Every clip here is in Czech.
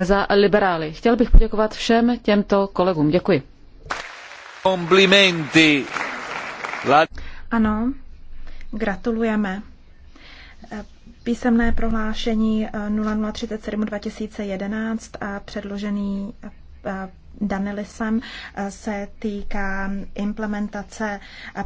za liberály. Chtěl bych poděkovat všem těmto kolegům. Děkuji. Komplimenty. Ano, gratulujeme. Písemné prohlášení eh, 0037 2011 a předložený eh, Danilisem eh, se týká implementace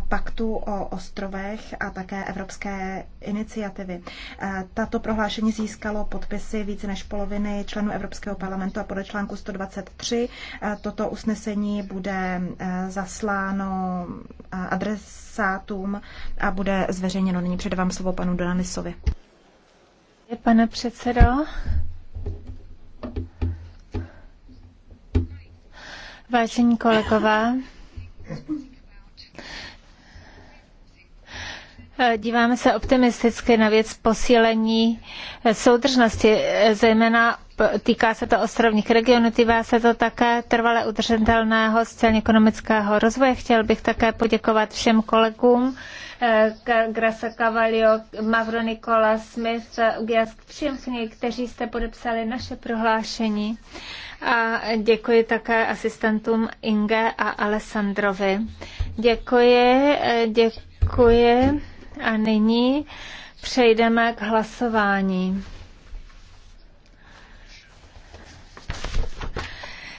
paktu o ostrovech a také evropské iniciativy. Eh, tato prohlášení získalo podpisy více než poloviny členů Evropského parlamentu a podle článku 123 eh, toto usnesení bude zasláno adresátům a bude zveřejněno. Nyní předávám slovo panu Danilisovi. Pane předsedo, Vážení kolegové, díváme se optimisticky na věc posílení soudržnosti, zejména týká se to ostrovních regionů, týká se to také trvale udržitelného sociálně ekonomického rozvoje. Chtěl bych také poděkovat všem kolegům, eh, Grasa Cavalio, Mavro Nikola, Smith, Ugias, všem, kteří jste podepsali naše prohlášení. A děkuji také asistentům Inge a Alessandrovi. Děkuji, děkuji. A nyní přejdeme k hlasování.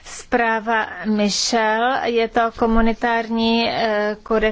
Zpráva Michel, je to komunitární eh, kodex